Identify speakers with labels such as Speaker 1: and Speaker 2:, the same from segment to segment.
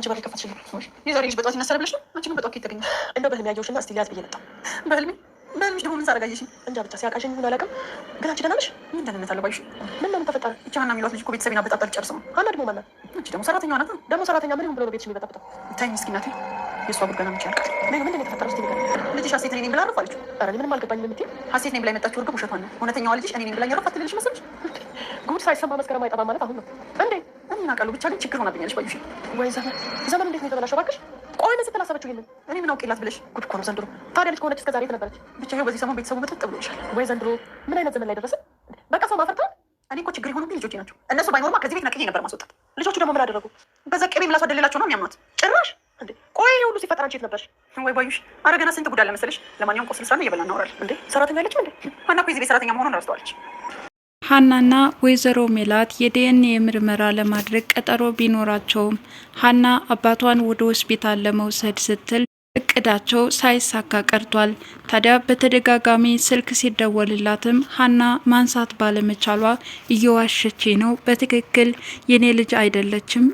Speaker 1: አንቺ ባል ከፋት ሽልሽ
Speaker 2: እኔ ዛሬ ልጅ በጠዋት ይነሳል ብለሽ ነው። አንቺ ግን በጠዋት ከየት ተገኘሽ?
Speaker 1: እንደው በህልሜ ያየሁሽና እስቲ ሊያዝ ብዬ መጣ።
Speaker 2: በህልሜ በህልምሽ ደግሞ ምን ሳረጋየሽ?
Speaker 1: እንጃ ብቻ ሲያቃሸኝ ይሁን አላውቅም። ግን አንቺ ደህና ነሽ?
Speaker 2: ምን ደህንነት አለ ባይሽ? ምን ነው ተፈጠረ? ይቺ ሀና የሚሏት ልጅ እኮ ቤተሰቤን አበጣጣል ጨርስ ነው። ሀና ደግሞ ማናት? አንቺ ደግሞ ሰራተኛዋ ናት።
Speaker 1: ደግሞ ሰራተኛ ምን ይሁን ብሎ ነው ቤትሽ የሚበጣበጣው?
Speaker 2: ተይኝ እስኪ እናቴ የእሷ ጉድ ገና ያልቃል?
Speaker 1: ምንድን ነው የተፈጠረው? እስኪ
Speaker 2: ልጅሽ ሀሴት እኔ ነኝ ብላ አረፍ አለችው።
Speaker 1: ኧረ ምንም አልገባኝም የምትይው
Speaker 2: ሀሴት ነኝ ብላ የመጣችው እርግብ ውሸቷን ነው። እውነተኛዋ ልጅሽ እኔ ነኝ ብላኝ አረፍ አትልልሽ መሰለሽ?
Speaker 1: ጉድ ሳይሰማ መስከረም አይጠፋም ማለት አሁን ነው እንዴ? እኔን አውቃለሁ። ብቻ ግን ችግር ሆናብኛለች። ባዩሽ
Speaker 2: ወይ ዘመን ዘመን እንዴት ነው የተበላሸው? እባክሽ ቆይ ምን ስትል አሰበችው? ይሄንን
Speaker 1: እኔ ምን አውቄላት ብለሽ ጉድ እኮ ነው ዘንድሮ። ታዲያ ልጅ ከሆነች እስከዛሬ የት ነበረች?
Speaker 2: ብቻ ይኸው በዚህ ሰሞን ቤተሰቡ ምጥጥ ብሎ ይሻል
Speaker 1: ወይ ዘንድሮ። ምን አይነት ዘመን ላይ ደረሰ? በቃ ሰው ማፈርተዋል።
Speaker 2: እኔ እኮ ችግር የሆኑብኝ ልጆቼ ናቸው። እነሱ ባይኖርማ ከዚህ ቤት ነቅዬ ነበር ማስወጣት።
Speaker 1: ልጆቹ ደግሞ ምን አደረጉ?
Speaker 2: በዛ ቅቤ ምላሷ ነው የሚያምኗት ጭራሽ። እንዴ
Speaker 1: ቆይ ይሄ ሁሉ ሲፈጠር አንቺ የት ነበርሽ?
Speaker 2: ወይ ባዩሽ፣ ኧረ ገና ስንት ጉድ አለ መሰለሽ። ለማንኛውም ቁርስ ልስራና እየበላን እናወራለን።
Speaker 1: እንዴ ሰራተኛ አለች እንዴ? ዋና እኮ የዚህ ቤት ሰራተኛ መሆኑን ረስተዋለች።
Speaker 3: ሀናና ወይዘሮ ሜላት የዲኤንኤ ምርመራ ለማድረግ ቀጠሮ ቢኖራቸውም ሀና አባቷን ወደ ሆስፒታል ለመውሰድ ስትል እቅዳቸው ሳይሳካ ቀርቷል። ታዲያ በተደጋጋሚ ስልክ ሲደወልላትም ሀና ማንሳት ባለመቻሏ እየዋሸች ነው፣ በትክክል የኔ ልጅ አይደለችም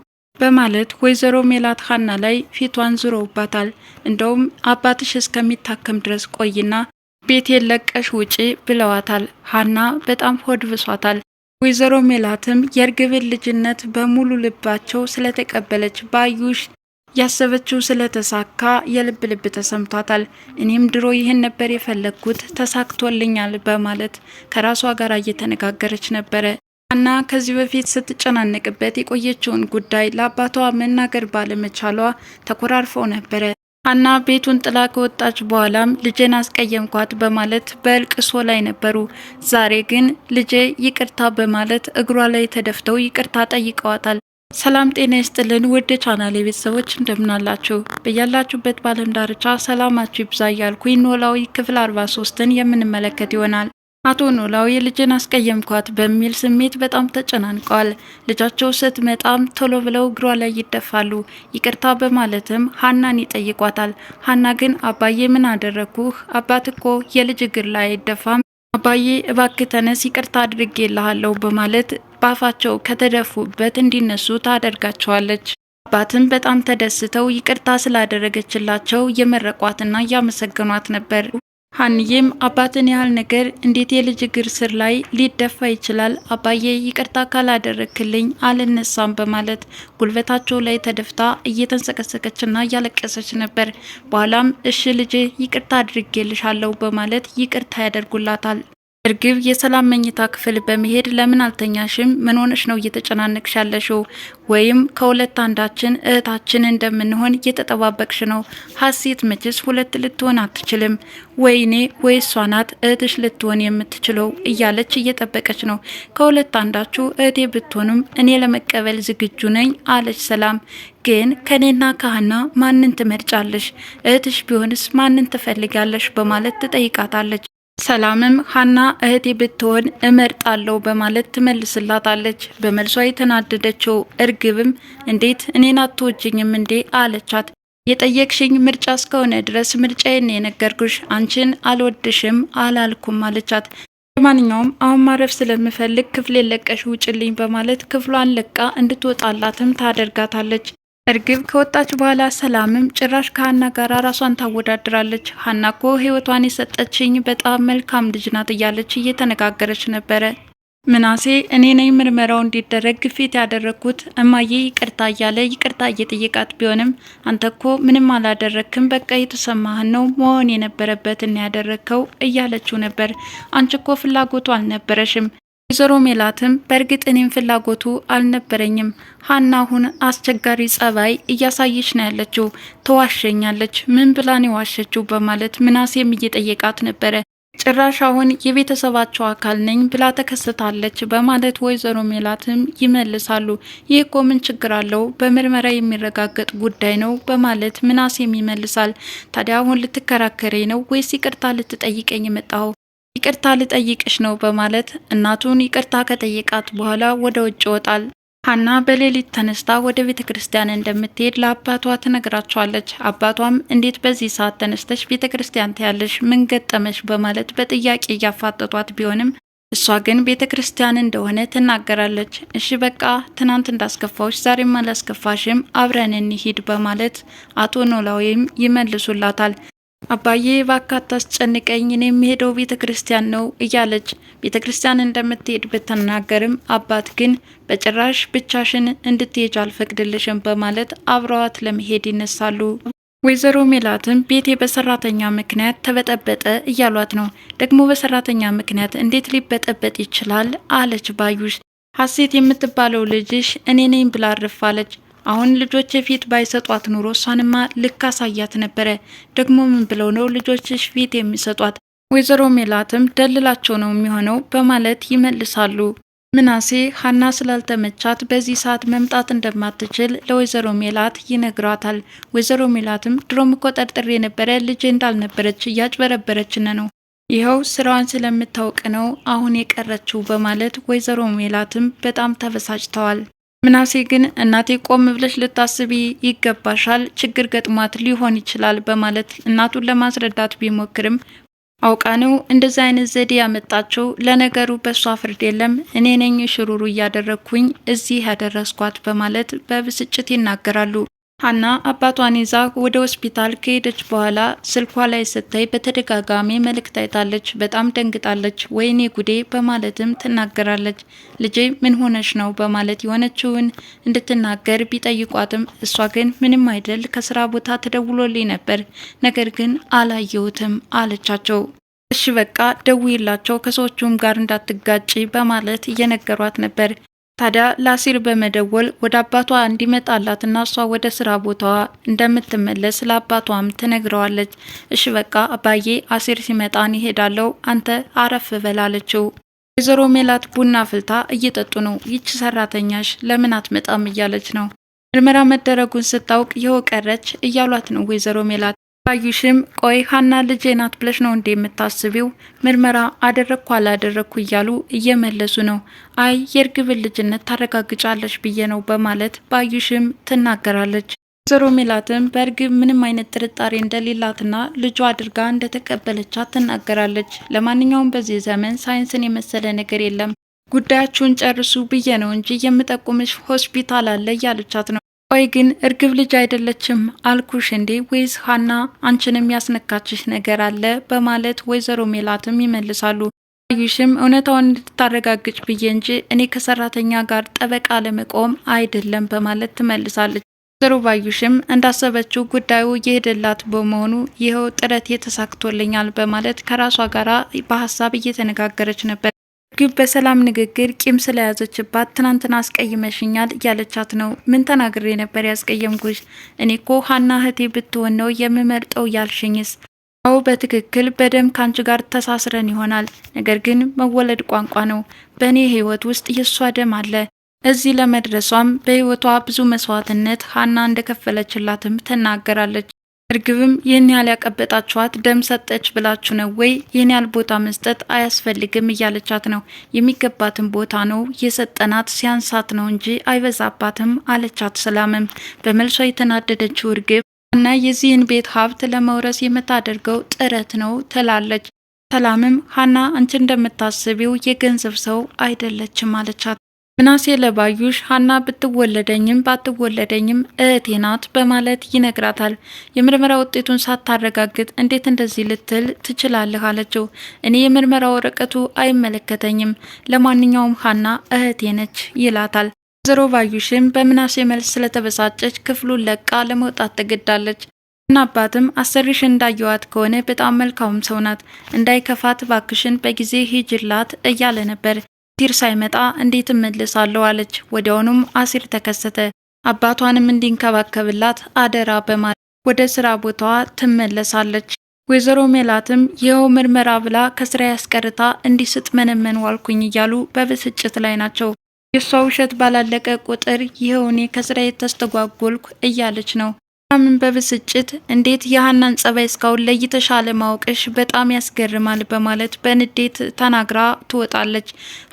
Speaker 3: በማለት ወይዘሮ ሜላት ሀና ላይ ፊቷን ዙረውባታል። እንደውም አባትሽ እስከሚታከም ድረስ ቆይና ቤት ለቀሽ ውጪ ብለዋታል። ሀና በጣም ሆድ ብሷታል። ወይዘሮ ሜላትም የእርግብን ልጅነት በሙሉ ልባቸው ስለተቀበለች ባዩሽ ያሰበችው ስለተሳካ የልብ ልብ ተሰምቷታል። እኔም ድሮ ይህን ነበር የፈለግኩት ተሳክቶልኛል በማለት ከራሷ ጋር እየተነጋገረች ነበረ እና ከዚህ በፊት ስትጨናነቅበት የቆየችውን ጉዳይ ለአባቷ መናገር ባለመቻሏ ተኮራርፈው ነበረ። አና ቤቱን ጥላ ከወጣች በኋላም ልጄን አስቀየምኳት በማለት በእልቅሶ ላይ ነበሩ። ዛሬ ግን ልጄ ይቅርታ በማለት እግሯ ላይ ተደፍተው ይቅርታ ጠይቀዋታል። ሰላም ጤና ይስጥልን ውድ ቻናሌ ቤተሰቦች እንደምናላችሁ በያላችሁበት በዓለም ዳርቻ ሰላማችሁ ይብዛ እያልኩኝ ኖላዊ ክፍል 43ን የምንመለከት ይሆናል። አቶ ኖላዊ ልጅን አስቀየምኳት በሚል ስሜት በጣም ተጨናንቀዋል። ልጃቸው ስትመጣም ቶሎ ብለው እግሯ ላይ ይደፋሉ። ይቅርታ በማለትም ሀናን ይጠይቋታል። ሀና ግን አባዬ ምን አደረግኩህ? አባት እኮ የልጅ እግር ላይ አይደፋም። አባዬ እባክህ ተነስ፣ ይቅርታ አድርጌልሃለሁ በማለት ባፋቸው ከተደፉበት እንዲነሱ ታደርጋቸዋለች። አባትም በጣም ተደስተው ይቅርታ ስላደረገችላቸው የመረቋትና እያመሰገኗት ነበር። ሀንዬም አባትን ያህል ነገር እንዴት የልጅ እግር ስር ላይ ሊደፋ ይችላል? አባዬ ይቅርታ ካላደረክልኝ አልነሳም በማለት ጉልበታቸው ላይ ተደፍታ እየተንሰቀሰቀችና እያለቀሰች ነበር። በኋላም እሺ ልጄ ይቅርታ አድርጌልሻለሁ በማለት ይቅርታ ያደርጉላታል። እርግብ የሰላም መኝታ ክፍል በመሄድ ለምን አልተኛሽም? ምን ሆነሽ ነው እየተጨናነቅሽ ያለሽው? ወይም ከሁለት አንዳችን እህታችን እንደምንሆን እየተጠባበቅሽ ነው። ሀሴት መችስ ሁለት ልትሆን አትችልም። ወይኔ ወይ እሷ ናት እህትሽ ልትሆን የምትችለው እያለች እየጠበቀች ነው። ከሁለት አንዳችሁ እህቴ ብትሆኑም እኔ ለመቀበል ዝግጁ ነኝ አለች ሰላም። ግን ከኔና ካህና ማንን ትመርጫለሽ? እህትሽ ቢሆንስ ማንን ትፈልጋለሽ? በማለት ትጠይቃታለች። ሰላምም ሀና እህቴ ብትሆን እመርጣለሁ በማለት ትመልስላታለች። በመልሷ የተናደደችው እርግብም እንዴት እኔን አትወጂኝም እንዴ አለቻት። የጠየቅሽኝ ምርጫ እስከሆነ ድረስ ምርጫዬን የነገርኩሽ፣ አንቺን አልወድሽም አላልኩም አለቻት። ለማንኛውም አሁን ማረፍ ስለምፈልግ ክፍሌን ለቀሽ ውጭልኝ በማለት ክፍሏን ለቃ እንድትወጣላትም ታደርጋታለች። እርግብ ከወጣች በኋላ ሰላምም ጭራሽ ከሀና ጋር ራሷን ታወዳድራለች። ሀና ኮ ህይወቷን የሰጠችኝ በጣም መልካም ልጅ ናት እያለች እየተነጋገረች ነበረ። ምናሴ እኔ ነኝ ምርመራው እንዲደረግ ግፊት ያደረግኩት እማዬ ይቅርታ እያለ ይቅርታ እየጠየቃት ቢሆንም አንተ ኮ ምንም አላደረግክም፣ በቃ የተሰማህን ነው መሆን የነበረበትን ያደረግከው እያለችው ነበር። አንቺ ኮ ፍላጎቱ አልነበረሽም ወይዘሮ ሜላትም በእርግጥ እኔም ፍላጎቱ አልነበረኝም፣ ሀና አሁን አስቸጋሪ ጸባይ እያሳየች ነው ያለችው፣ ትዋሸኛለች፣ ምን ብላን የዋሸችው በማለት ምናሴም እየጠየቃት ነበረ። ጭራሽ አሁን የቤተሰባቸው አካል ነኝ ብላ ተከስታለች በማለት ወይዘሮ ሜላትም ይመልሳሉ። ይህ እኮ ምን ችግር አለው በምርመራ የሚረጋገጥ ጉዳይ ነው በማለት ምናሴም ይመልሳል። ታዲያ አሁን ልትከራከሬ ነው ወይስ ይቅርታ ልትጠይቀኝ የመጣው ይቅርታ ልጠይቅሽ ነው በማለት እናቱን ይቅርታ ከጠየቃት በኋላ ወደ ውጭ ይወጣል። ሀና በሌሊት ተነስታ ወደ ቤተ ክርስቲያን እንደምትሄድ ለአባቷ ትነግራቸዋለች። አባቷም እንዴት በዚህ ሰዓት ተነስተሽ ቤተ ክርስቲያን ትያለሽ? ምን ገጠመሽ? በማለት በጥያቄ እያፋጠጧት ቢሆንም እሷ ግን ቤተ ክርስቲያን እንደሆነ ትናገራለች። እሺ በቃ ትናንት እንዳስከፋዎች ዛሬም አላስከፋሽም፣ አብረን እንሂድ በማለት አቶ ኖላዊም ይመልሱላታል። አባዬ ባካታ አስጨንቀኝ እኔ የምሄደው ቤተ ክርስቲያን ነው እያለች ቤተ ክርስቲያን እንደምትሄድ ብትናገርም አባት ግን በጭራሽ ብቻሽን እንድትሄጅ አልፈቅድልሽም በማለት አብረዋት ለመሄድ ይነሳሉ። ወይዘሮ ሜላትም ቤቴ በሰራተኛ ምክንያት ተበጠበጠ እያሏት ነው። ደግሞ በሰራተኛ ምክንያት እንዴት ሊበጠበጥ ይችላል? አለች ባዩሽ። ሀሴት የምትባለው ልጅሽ እኔ ነኝ ብላ አርፋለች። አሁን ልጆች ፊት ባይሰጧት ኑሮ እሷንማ ልክ አሳያት ነበረ። ደግሞ ምን ብለው ነው ልጆችሽ ፊት የሚሰጧት? ወይዘሮ ሜላትም ደልላቸው ነው የሚሆነው በማለት ይመልሳሉ። ምናሴ ሀና ስላልተመቻት በዚህ ሰዓት መምጣት እንደማትችል ለወይዘሮ ሜላት ይነግራታል። ወይዘሮ ሜላትም ድሮም እኮ ጠርጥሬ የነበረ ልጄ እንዳልነበረች እያጭበረበረችን ነው ይኸው ስራዋን ስለምታውቅ ነው አሁን የቀረችው በማለት ወይዘሮ ሜላትም በጣም ተበሳጭተዋል። ምናሴ ግን እናቴ ቆም ብለሽ ልታስቢ ይገባሻል፣ ችግር ገጥሟት ሊሆን ይችላል በማለት እናቱን ለማስረዳት ቢሞክርም አውቃ ነው እንደዚ አይነት ዘዴ ያመጣችው፣ ለነገሩ በእሷ ፍርድ የለም፣ እኔ ነኝ ሽሩሩ እያደረግኩኝ እዚህ ያደረስኳት በማለት በብስጭት ይናገራሉ። ሀና አባቷን ይዛ ወደ ሆስፒታል ከሄደች በኋላ ስልኳ ላይ ስታይ በተደጋጋሚ መልእክት አይታለች። በጣም ደንግጣለች። ወይኔ ጉዴ በማለትም ትናገራለች። ልጄ ምን ሆነች ነው በማለት የሆነችውን እንድትናገር ቢጠይቋትም እሷ ግን ምንም አይደል ከስራ ቦታ ተደውሎልኝ ነበር፣ ነገር ግን አላየሁትም አለቻቸው። እሺ በቃ ደውይላቸው ከሰዎቹም ጋር እንዳትጋጪ በማለት እየነገሯት ነበር። ታዲያ ለአሲር በመደወል ወደ አባቷ እንዲመጣላትና እሷ ወደ ስራ ቦታዋ እንደምትመለስ ለአባቷም ትነግረዋለች። እሽ በቃ አባዬ አሲር ሲመጣን ይሄዳለው አንተ አረፍ በላለችው። ወይዘሮ ሜላት ቡና ፍልታ እየጠጡ ነው። ይች ሰራተኛሽ ለምን አትመጣም እያለች ነው። ምርመራ መደረጉን ስታውቅ ይኸው ቀረች እያሏት ነው ወይዘሮ ሜላት ባዩሽም ቆይ ሀና ልጄ ናት ብለሽ ነው እንዴ የምታስቢው? ምርመራ አደረግኩ አላደረግኩ እያሉ እየመለሱ ነው። አይ የእርግብን ልጅነት ታረጋግጫለሽ ብዬ ነው በማለት ባዩሽም ትናገራለች። ወይዘሮ ሜላትም በእርግብ ምንም አይነት ጥርጣሬ እንደሌላትና ልጇ አድርጋ እንደተቀበለቻት ትናገራለች። ለማንኛውም በዚህ ዘመን ሳይንስን የመሰለ ነገር የለም። ጉዳያችሁን ጨርሱ ብዬ ነው እንጂ የምጠቁምሽ ሆስፒታል አለ እያለቻት ነው ቆይ ግን እርግብ ልጅ አይደለችም አልኩሽ እንዴ ወይስ ሀና አንቺን ያስነካችሽ ነገር አለ? በማለት ወይዘሮ ሜላትም ይመልሳሉ። አዩሽም እውነታውን እንድታረጋግጭ ብዬ እንጂ እኔ ከሰራተኛ ጋር ጠበቃ ለመቆም አይደለም በማለት ትመልሳለች። ወይዘሮ ባዩሽም እንዳሰበችው ጉዳዩ እየሄደላት በመሆኑ ይኸው ጥረት የተሳክቶልኛል በማለት ከራሷ ጋራ በሀሳብ እየተነጋገረች ነበር። ግን በሰላም ንግግር ቂም ስለያዘችባት ትናንትና አስቀይመሽኛል እያለቻት ነው። ምን ተናግሬ ነበር ያስቀየምኩሽ? እኔ ኮ ሀና እህቴ ብትሆን ነው የምመርጠው ያልሽኝስ? አዎ በትክክል በደም ከአንቺ ጋር ተሳስረን ይሆናል። ነገር ግን መወለድ ቋንቋ ነው። በእኔ ህይወት ውስጥ የእሷ ደም አለ። እዚህ ለመድረሷም በህይወቷ ብዙ መስዋዕትነት ሀና እንደከፈለችላትም ትናገራለች። እርግብም ይህን ያህል ያቀበጣችኋት ደም ሰጠች ብላችሁ ነው ወይ? ይህን ያህል ቦታ መስጠት አያስፈልግም እያለቻት ነው። የሚገባትን ቦታ ነው የሰጠናት፣ ሲያንሳት ነው እንጂ አይበዛባትም አለቻት። ሰላምም በመልሷ የተናደደችው እርግብ እና የዚህን ቤት ሀብት ለመውረስ የምታደርገው ጥረት ነው ትላለች። ሰላምም ሀና አንቺ እንደምታስቢው የገንዘብ ሰው አይደለችም አለቻት። ምናሴ ለባዩሽ ሀና ብትወለደኝም ባትወለደኝም እህቴ ናት በማለት ይነግራታል። የምርመራ ውጤቱን ሳታረጋግጥ እንዴት እንደዚህ ልትል ትችላለህ? አለችው። እኔ የምርመራ ወረቀቱ አይመለከተኝም፣ ለማንኛውም ሀና እህቴ ነች ይላታል። ወይዘሮ ባዩሽም በምናሴ መልስ ስለተበሳጨች ክፍሉን ለቃ ለመውጣት ትገዳለች። እና አባትም አሰሪሽ እንዳየዋት ከሆነ በጣም መልካም ሰው ናት፣ እንዳይከፋት ባክሽን በጊዜ ሂጅላት እያለ ነበር ቲር ሳይመጣ እንዴት እመልሳለሁ አለች። ወዲያውኑም አሲር ተከሰተ። አባቷንም እንዲንከባከብላት አደራ በማለት ወደ ስራ ቦታዋ ትመለሳለች። ወይዘሮ ሜላትም ይኸው ምርመራ ብላ ከስራ ያስቀርታ እንዲስጥ መነመን ዋልኩኝ እያሉ በብስጭት ላይ ናቸው። የእሷ ውሸት ባላለቀ ቁጥር ይኸው እኔ ከስራ የተስተጓጎልኩ እያለች ነው። አብርሃምን በብስጭት እንዴት የሀናን ጸባይ እስካሁን ለይተሻለ ማወቅሽ በጣም ያስገርማል በማለት በንዴት ተናግራ ትወጣለች።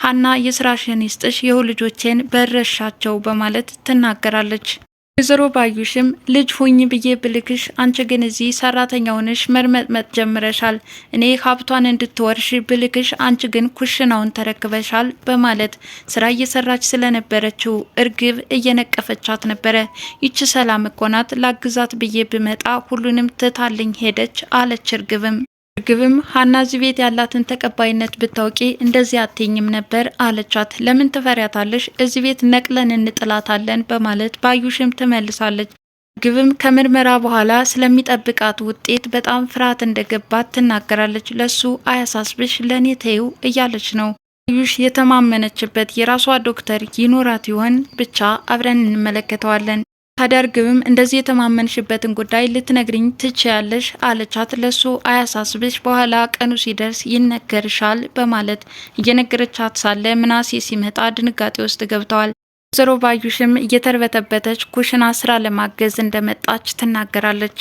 Speaker 3: ሀና የስራሽን ይስጥሽ፣ የሁሉ ልጆቼን በረሻቸው በማለት ትናገራለች። ወይዘሮ ባዩሽም ልጅ ሁኝ ብዬ ብልክሽ አንቺ ግን እዚህ ሰራተኛውንሽ መርመጥመጥ ጀምረሻል። እኔ ሀብቷን እንድትወርሽ ብልክሽ አንቺ ግን ኩሽናውን ተረክበሻል በማለት ስራ እየሰራች ስለነበረችው እርግብ እየነቀፈቻት ነበረ። ይቺ ሰላም እኮ ናት ላግዛት ብዬ ብመጣ ሁሉንም ትታልኝ ሄደች አለች እርግብም እርግብም ሀና እዚህ ቤት ያላትን ተቀባይነት ብታውቂ እንደዚህ አትኝም ነበር አለቻት። ለምን ትፈሪያታለሽ? እዚህ ቤት ነቅለን እንጥላታለን በማለት ባዩሽም ትመልሳለች። እርግብም ከምርመራ በኋላ ስለሚጠብቃት ውጤት በጣም ፍርሃት እንደገባት ትናገራለች። ለሱ አያሳስብሽ፣ ለእኔ ተይው እያለች ነው። ባዩሽ የተማመነችበት የራሷ ዶክተር ይኖራት ይሆን? ብቻ አብረን እንመለከተዋለን። ታዲያ እንደዚህ የተማመንሽበትን ጉዳይ ልትነግሪኝ ትችያለሽ አለቻት። ለሱ አያሳስብሽ፣ በኋላ ቀኑ ሲደርስ ይነገርሻል በማለት እየነገረቻት ሳለ ምናሴ ሲመጣ ድንጋጤ ውስጥ ገብተዋል። ወይዘሮ ባዩሽም እየተርበተበተች ኩሽና ስራ ለማገዝ እንደመጣች ትናገራለች።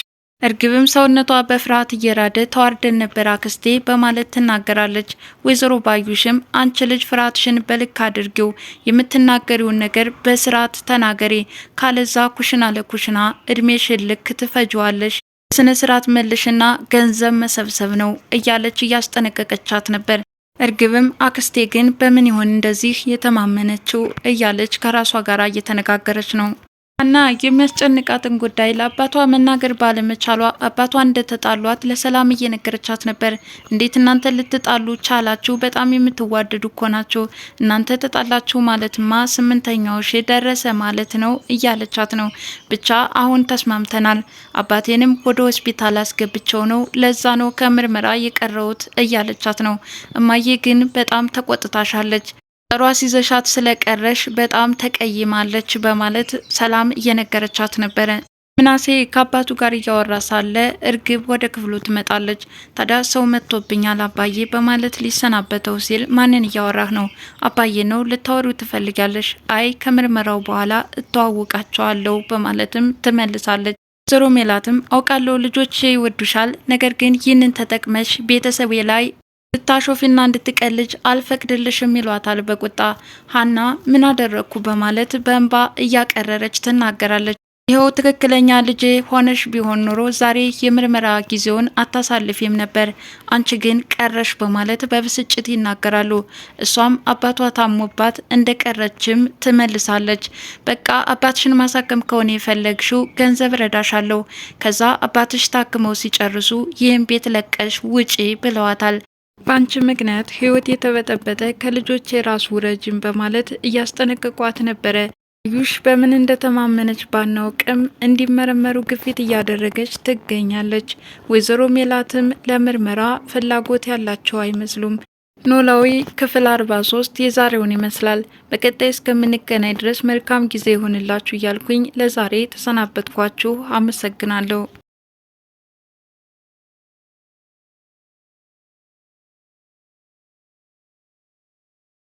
Speaker 3: እርግብም ሰውነቷ በፍርሃት እየራደ ተዋርደን ነበር አክስቴ በማለት ትናገራለች። ወይዘሮ ባዩሽም አንቺ ልጅ ፍርሃትሽን በልክ አድርጊው፣ የምትናገሪውን ነገር በስርዓት ተናገሪ፣ ካለዛ ኩሽና ለኩሽና እድሜሽን ልክ ትፈጅዋለሽ። ስነ ስርዓት መልሽና ገንዘብ መሰብሰብ ነው እያለች እያስጠነቀቀቻት ነበር። እርግብም አክስቴ ግን በምን ይሆን እንደዚህ የተማመነችው እያለች ከራሷ ጋር እየተነጋገረች ነው። እና የሚያስጨንቃትን ጉዳይ ለአባቷ መናገር ባለመቻሏ አባቷ እንደተጣሏት ለሰላም እየነገረቻት ነበር። እንዴት እናንተ ልትጣሉ ቻላችሁ? በጣም የምትዋደዱ እኮ ናችሁ። እናንተ ተጣላችሁ ማለትማ ስምንተኛዎች ደረሰ ማለት ነው እያለቻት ነው። ብቻ አሁን ተስማምተናል። አባቴንም ወደ ሆስፒታል አስገብቸው ነው፣ ለዛ ነው ከምርመራ የቀረውት እያለቻት ነው። እማዬ ግን በጣም ተቆጥታሻለች። ሯስ ይዘሻት ስለቀረሽ በጣም ተቀይማለች በማለት ሰላም እየነገረቻት ነበረ። ምናሴ ከአባቱ ጋር እያወራ ሳለ እርግብ ወደ ክፍሉ ትመጣለች። ታዲያ ሰው መጥቶብኛል አባዬ በማለት ሊሰናበተው ሲል ማንን እያወራህ ነው? አባዬ ነው ልታወሩ ትፈልጋለሽ? አይ ከምርመራው በኋላ እተዋውቃቸዋለሁ በማለትም ትመልሳለች። ወይዘሮ ሜላትም አውቃለሁ ልጆች ይወዱሻል፣ ነገር ግን ይህንን ተጠቅመሽ ቤተሰቤ ላይ ልታሾፊና እንድትቀልጅ አልፈቅድልሽም ይሏታል በቁጣ ሀና ምን አደረግኩ በማለት በእንባ እያቀረረች ትናገራለች። ይኸው ትክክለኛ ልጄ ሆነሽ ቢሆን ኖሮ ዛሬ የምርመራ ጊዜውን አታሳልፊም ነበር፣ አንቺ ግን ቀረሽ በማለት በብስጭት ይናገራሉ። እሷም አባቷ ታሞባት እንደቀረችም ትመልሳለች። በቃ አባትሽን ማሳከም ከሆነ የፈለግሽው ገንዘብ ረዳሻለሁ፣ ከዛ አባትሽ ታክመው ሲጨርሱ ይህን ቤት ለቀሽ ውጪ ብለዋታል። በአንቺ ምክንያት ህይወት የተበጠበጠ ከልጆች የራስ ውረጅም በማለት እያስጠነቀቋት ነበረ። አዩሽ በምን እንደተማመነች ባናውቅም እንዲመረመሩ ግፊት እያደረገች ትገኛለች። ወይዘሮ ሜላትም ለምርመራ ፍላጎት ያላቸው አይመስሉም። ኖላዊ ክፍል 43 የዛሬውን ይመስላል። በቀጣይ እስከምንገናኝ ድረስ መልካም ጊዜ ይሆንላችሁ እያልኩኝ ለዛሬ ተሰናበትኳችሁ። አመሰግናለሁ።